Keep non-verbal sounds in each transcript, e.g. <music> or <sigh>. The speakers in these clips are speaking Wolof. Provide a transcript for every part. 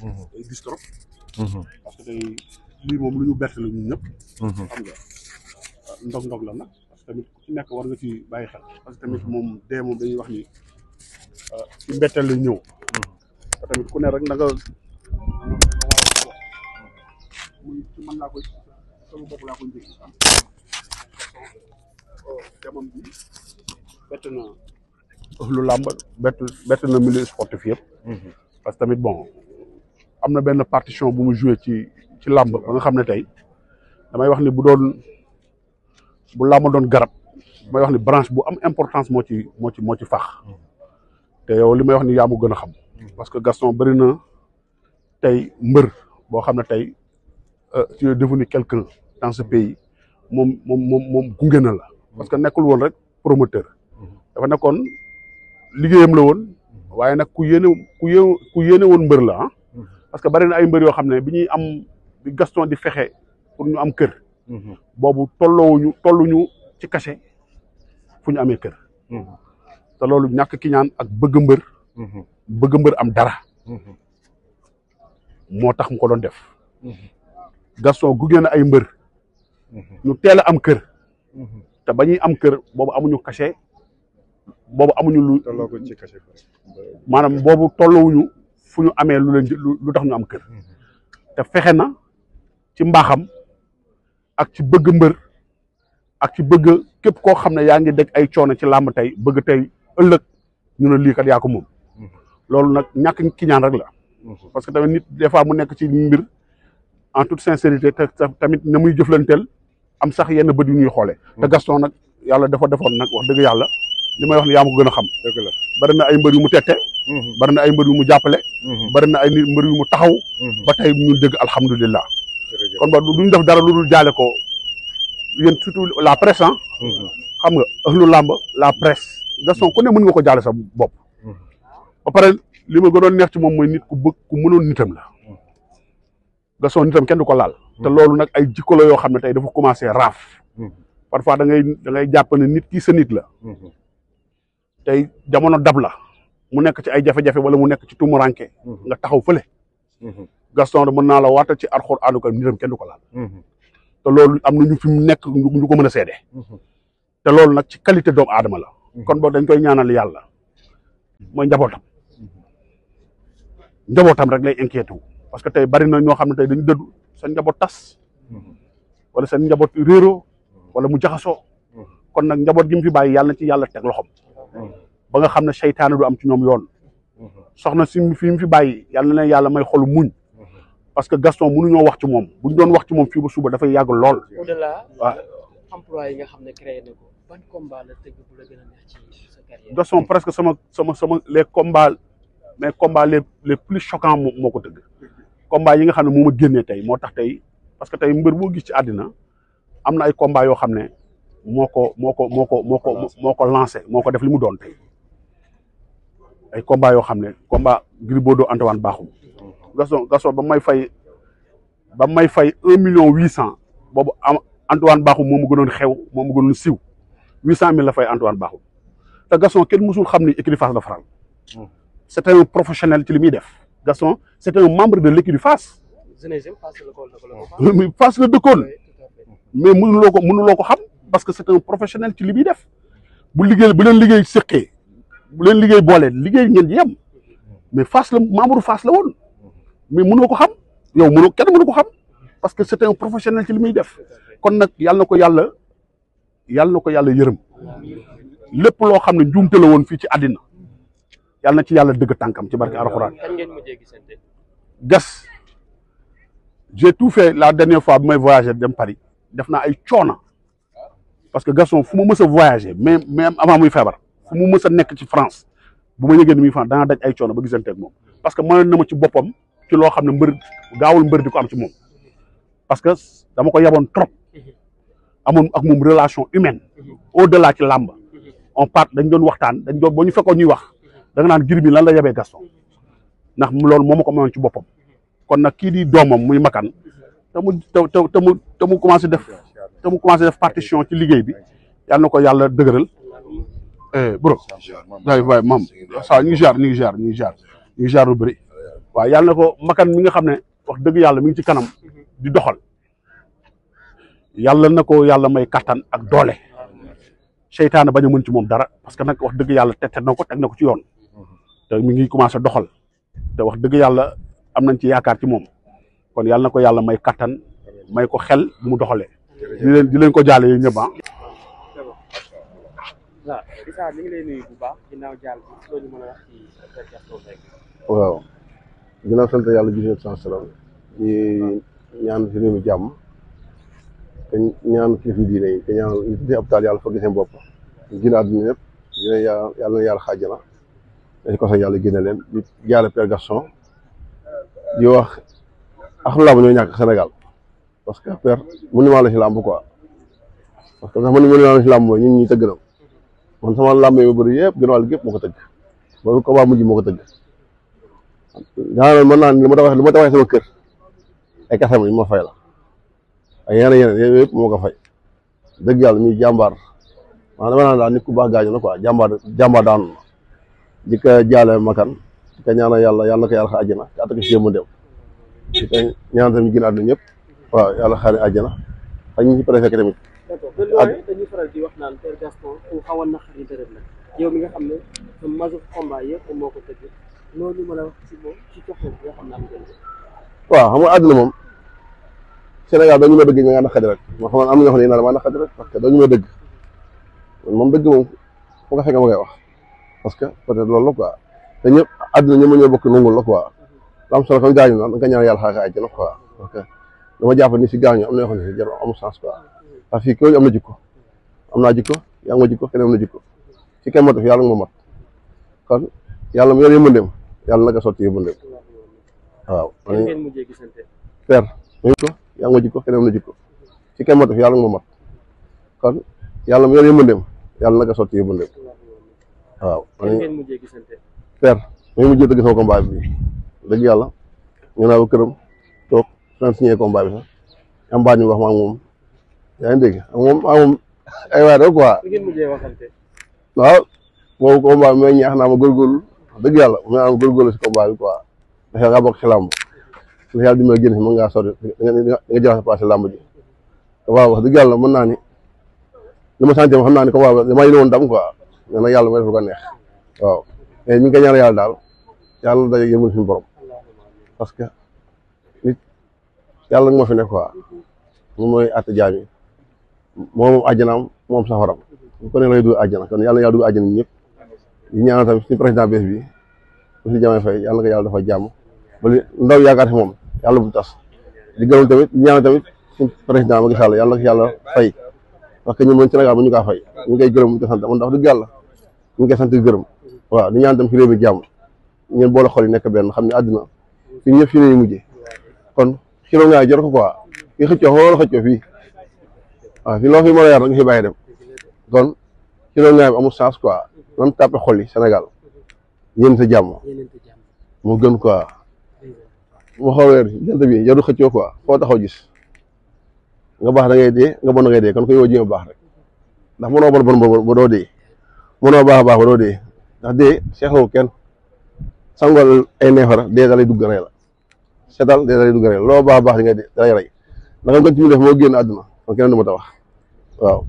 Mm-hmm. day gis trop. Mm-hmm. parce que tey lii moom lu ñu bett la ñun ñëpp. Mm-hmm. xam ah, ndog-ndog la nag parce que tamit nekk war nga ci bàyyi xel parce que tamit moom dee moom dañuy wax nii ah, ci mbetteel la ñëw. Oh, bett na lu làmb bett bett na milieu sportif yëpp. parce que tamit bon. am na benn partition bu mu joué ci ci làmb ba nga xam ne tey damay wax ni bu doon bu làmb doon garab may wax ni branche bu am importance moo ci moo ci moo ci fax te yow li may wax ni yaa mu gën a xam parce que Gaston bëri na tey mbër boo xam ne tey euh, tu es devenu quelqu'un dans ce pays moom moom moom moom gunge na la parce que nekkul woon rek promoteur dafa nekkoon liggéeyam la woon waaye nag ku yéene ku yéene ku yéene woon mbër la ah parce que bari na ay mbër yoo xam ne bi ñuy am bi Gaston di fexe pour ñu am kër. Mhm. boobu tolloowuñu tolluñu ci kase fu ñu amee kër. Mhm. te loolu ñàkk kiñaan ak mhm. bëgg mbër. am dara. moo tax mu ko doon def. Gaston gugee na ay mbër. ñu teel am kër. te bañu am kër boobu amuñu cachet boobu amuñu lu. tolloo ko ci cachet fu ñu amee lu leen lu tax ñu am kër te fexe na ci mbaaxam ak ci bëgg mbër ak ci bëgg képp koo xam ne yaa ngi deg ay coono ci làmb tey bëgg tey ëllëg ñu ne lii kat yaa ko moom loolu nag ñàkk ki ñaan rek la parce que tamit nit des fois mu nekk ci mbir en toute sincérité te tamit na muy jëflanteel am sax yenn bët yu ñuy xoole te Gaston nag yàlla dafa defoon nag wax dëgg yàlla li may wax ne ma ko gën a xam bari na ay mbër yu mu tette mhm. bari na ay mbër yu mu jàppale mhm. bari na ay mbër yu mu taxaw mhm. ba tey mu dégg alhamdulilah kon ba duñ def dara lu dul jaale ko yéen surtout la presse xam nga ëxlu làmb la presse Gaston ku ne mën nga ko jaale sa bopp ba pare li ma gënoon neex ci moom mooy nit ku bëgg ku mënoon nitam la Gaston nitam kenn du ko laal te loolu nag ay jikko la yoo xam ne tey dafa commencé raaf parfois da ngay da jàpp ne nit kii sa nit la tey jamono dab la mu nekk ci ay jafe-jafe wala mu nekk ci tumuranke mhm. nga taxaw fële mhm. gaston de mën naa la waata ci alxuraan ka nitam kenn du ko laal mhm. te loolu am na fi mu nekk ñu ko mën a seede te loolu nag ci qualité doomu adama la kon boog dañ koy ñaanal yàlla mooy njabootam njabootam rek lay inquiété wu parce que tey bari na ñoo xam ne tey dañu dëddu seen njaboot tas wala seen njaboot réero wala mu jaxasoo kon nag njaboot gi mu fi bàyyi yàlla ci yàlla teg loxom ba nga xam ne seytaane du am ci ñoom yoon soxna si fi mu fi bàyyi yàlla na yàlla may xolu muñ parce que Gaston mënuñoo wax ci moom buñ doon wax ci moom fii ba suba dafay yàgg lool. au-delà emploi yi nga xam ne a neex ci presque sama sama sama les combats mais combats les les plus choquants moo ko tëgg combats yi nga xam ne moom ma génnee tey moo tax tey parce que tey mbër boo gis ci àddina am na ay combats yoo xam ne. moo ko moo ko moo ko moo moo ko lancé moo ko def li mu doon tey ay combat yoo xam ne combat Gris Bordeaux Antoine Bakhoum Gaston Gaston ba may fay ba may fay un million huit cent boobu am Antoine Bakhoum moo mu gënoon xew moo mu gënoon siiw huit cent mille la fay Antoine Bakhoum te Gaston kenn xam ni écurie Fass la faral c'est professionnel ci li muy def Gaston c'est un membre de l'écurie Fass Fass la dëkkoon <laughs> mais mënuloo ko ko xam parce que c'est un professionnel ci li muy def bu liggéey bu leen liggéey sëqee bu leen liggéey boolee liggéey ngeen yem mais Fass la membre la woon mais mënoo ko xam yow mënoo kenn mënu ko xam parce que c'est un professionnel ci li muy def kon nag yàlla na ko yàlla yàlla ko yàlla yërëm lépp loo xam ne njuumte la woon fii ci àddina yàlla na ci yàlla dëgg tànkam ci barke alxuraan gas j'ai tout fait la dernière fois bi may voyager dem Paris def naa ay coona parce que Gaston fu ma mës a voyagé même même avant muy feebar fu mu mës a nekk ci France bu ma yëgee ni muy fan dana daj ay coono ba gisante ak moom parce que mënoon na loo xam ne mbër gaawul mbër di ko am ci moom parce que dama ko yaboon trop amoon ak moom relation humaine au delà ci làmb on part dañ doon waxtaan dañ doon boo ñu fekkoon ñuy wax da bi lan la yabee Gaston ndax loolu moo ma ci boppam kon nag kii di doomam muy makan te mu te te mu mu commencé def te mu commencé def partition ci liggéey bi yàlla na ko yàlla dëgëral eh, bro waay waay maam saa ñu ngi jaar ñu ngi jaar ñu ngi jaar ñu bëri waaw yàlla na ko makan mi nga xam ne wax dëgg yàlla mi ngi ci kanam di doxal yàlla na ko yàlla may kattan ak doole seytaane bañ a mën ci moom dara parce que nag wax dëgg yàlla tette na ko teg na ko ci yoon te mi ngi commencé doxal te wax dëgg yàlla am nañ ci yaakaar ci moom kon yàlla na ko yàlla may kàttan may ko xel mu doxalee di ko jaale yéen ñëpp waaw ah. Issa ñu ngi lay nuyu bu baax ginnaaw jàll bi loolu mën a wax ci waaw ginnaaw sant yàlla ji sant salaam di ñaan ci réew mi jàmm ñaan kilifa diine yi ñaan ñu tuddee hôpital yàlla fëgg seen bopp na yàlla xaajana dañ ko sax yàlla génne leen di jaale wax axlu làmb ñoo ñàkk Sénégal parce que affaire monument la si làmb quoi parce que sax man monument la si làmb mooy ñun ñuy tëgg na man sama làmb yi ba bëri yëpp gën wàll gépp moo ko tëgg boobu combat mujj moo ko tëgg daanaka mën naa ne li ma tabaxee li ma tabaxee sama kër ay kasam yi ma fay la ay yeneen yeneen yooyu yëpp moo ko fay dëgg yàlla muy jàmbaar maanaam dama naan daal nit ku baax gaañu na quoi jàmbaar jàmbaar daanu na di ko jaale makan di ko ñaanal yàlla yàlla na ko yàlla xa àjjana te attaque si yëpp mu dem di ko ñaanal tamit gën a àdduna ñëpp. waaw yàlla xaare àjjana ak ñi ci préfet tamit. na xarit xam a wax ci moom ci coxéen bi nga xam ne am ngeen waaw àdduna moom Sénégal dañu ma dëgg nga naqadi rek ñoo xam ne naa dama que moom dëgg moom fu nga fekk ma koy wax parce que peut-être loolu la quoi te ñëpp àdduna ñëpp ñoo bokk nungul la quoi lam solo ko gaañu na da nga ñaan yàlla xaaral àjjana quoi dama jàpp ni si gaañu am na yoo xam ne jar amul sens quoi parce que kii am na jikko am naa jikko yaa ngi ma jikko kenn am na jikko si kenn matu fi yàlla nga ma mat kon yàlla mu yor yëmbandeem yàlla naka sotti yëmbandeem waaw. per mu ko yaa ngi ma jikko kenn am na jikko si kenn matu fi yàlla nga ma mat kon yàlla mu yor yëmbandeem yàlla naka sotti yëmbandeem waaw. per mu mujjee dëgg sama combat bi dëgg yàlla ñu naa ba këram. daan signé combat bi sax am baat ñu wax ma ak moom yaa ngi dégg ak moom ak ma góorgóorlu wax dëgg yàlla ma am góorgóorlu si combat bi quoi ndax yaa ngi bokk si làmb li yàlla dimbali génn si mën ngaa sori nga nga nga jëlaat sa place si làmb ji waaw wax dëgg yàlla ni li ma sant ma xam naa ne combat bi damaa dam quoi nee na yàlla may def lu ko neex waaw mais ñu ngi koy ñaanal yàlla daal yàlla borom yàlla moo fi nekk quoi moom mooy àtte jaam yi moom moom àjjanaam moom safaram ko ne lay dugg àjjana kon yàlla yàlla dugg àjjana ñëpp ñu ñaanal tamit suñu président bees bi monsieur Diomaye Faye yàlla yàlla dafa jàmm ba li yaakaar si moom yàlla bu tas di gërëm tamit ñu ñaanal tamit suñu président Macky Sall yàlla na yàlla fay parce que ñun moom Sénégal mu ñu kaa fay ñu ngi koy gërëm ñu ko sant man dafa dëgg yàlla ñu ngi koy sant gërëm waaw di ñaan tam ci jàmm ngeen boole xol nekk benn xam ne àdduna ñëpp kon kilo ngaay jot ko quoi fi xëccoo xool xëccoo fii waaw fi loo fi mën a yar nga fi bàyyi dem kon kilo ngaay bi amul chance quoi nan tàppe xol yi Sénégal yéen sa jàmm moo gën quoi ma xool weer jant bi jarul xëccoo quoi foo taxaw gis nga baax da ngay dee nga bon da ngay dee kon ko yow jéem a baax rek ndax mënoo bon bon ba doo dee mënoo baax a baax ba doo dee ndax dee seexlu kenn sangol ay neefara dee da lay dugg rey la seetal day rey du gërëm loo baax baax di nga day rey da nga ko ci def moo génn àdduna kon keneen du ma waaw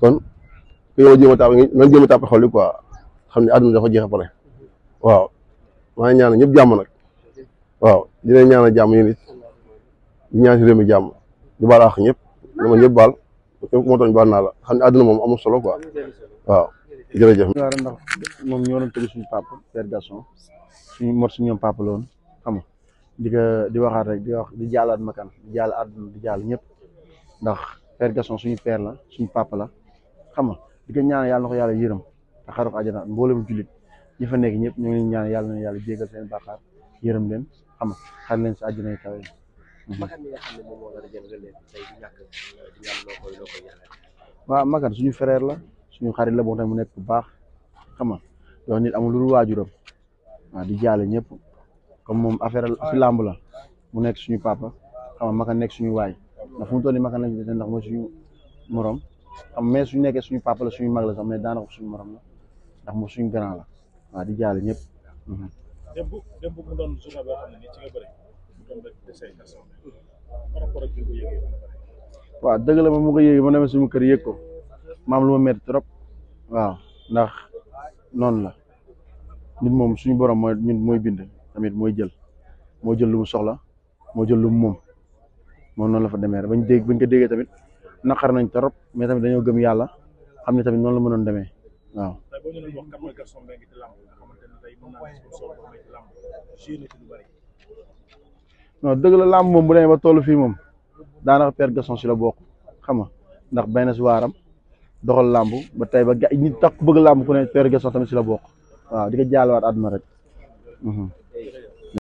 kon ku yow jéem a tàpp nga jéem a tàpp xol yi quoi jeex a pare waaw maa ngi ñaanal ñëpp jàmm nag waaw di leen ñaanal jàmm yéen it di ñaan si réew mi jàmm di baal àq ñëpp dama ñëpp baal képp baal naa la xam ne àdduna moom amul solo ko waaw jërëjëf. ndax moom ñoo doon tëgg suñu papa père di di waxaat rek di wax di jaalaat makan di jaal at di jaal ñëpp ndax Père Gaston suñu père la suñu papa la xam nga di ko ñaan yàlla yàlla yërëm te xaru ko àjjana mboolem jullit fa nekk ñëpp ñu ngi ñaan yàlla na yàlla jéggal seen bàkkaar yërëm leen xam nga xar si àjjana yi mhm. kawe waaw suñu frère la suñu xarit la boo xam mu nekk bu baax xam nga nit amul lu dul waajuram waaw di jaale ñëpp comme moom affaire si làmb la mu nekk suñu papa xam nga maka nekk suñu waay ndax fu mu toll maka lañ ndax mooy suñu morom xam mais suñu nekkee suñu papa la suñu mag la sax mais daanaka suñu morom la ndax moom suñu mhm. mu doon journée boo xam ne nii kër yëg ko maam lu ma métti trop waaw ndax noonu la nit moom suñu borom mooy ñun mooy bind. tamit mooy jël moo jël lu mu soxla moo jël lu mu moom moom noonu la fa demee rek bañ dégg bañ ko déggee tamit naqar nañ trop mais tamit dañoo gëm yàlla xam ne tamit noonu la mënoon demee waaw. non dëgg la làmb moom bu demee ba tollu fii moom daanaka père Gaston si la bokk xam nga ndax bay si waaram doxal làmbu ba tey ba nit tax ku bëgg làmb ku ne père Gaston tamit si la bokk waaw di ko jaalawaat àdduna rek. Mhm.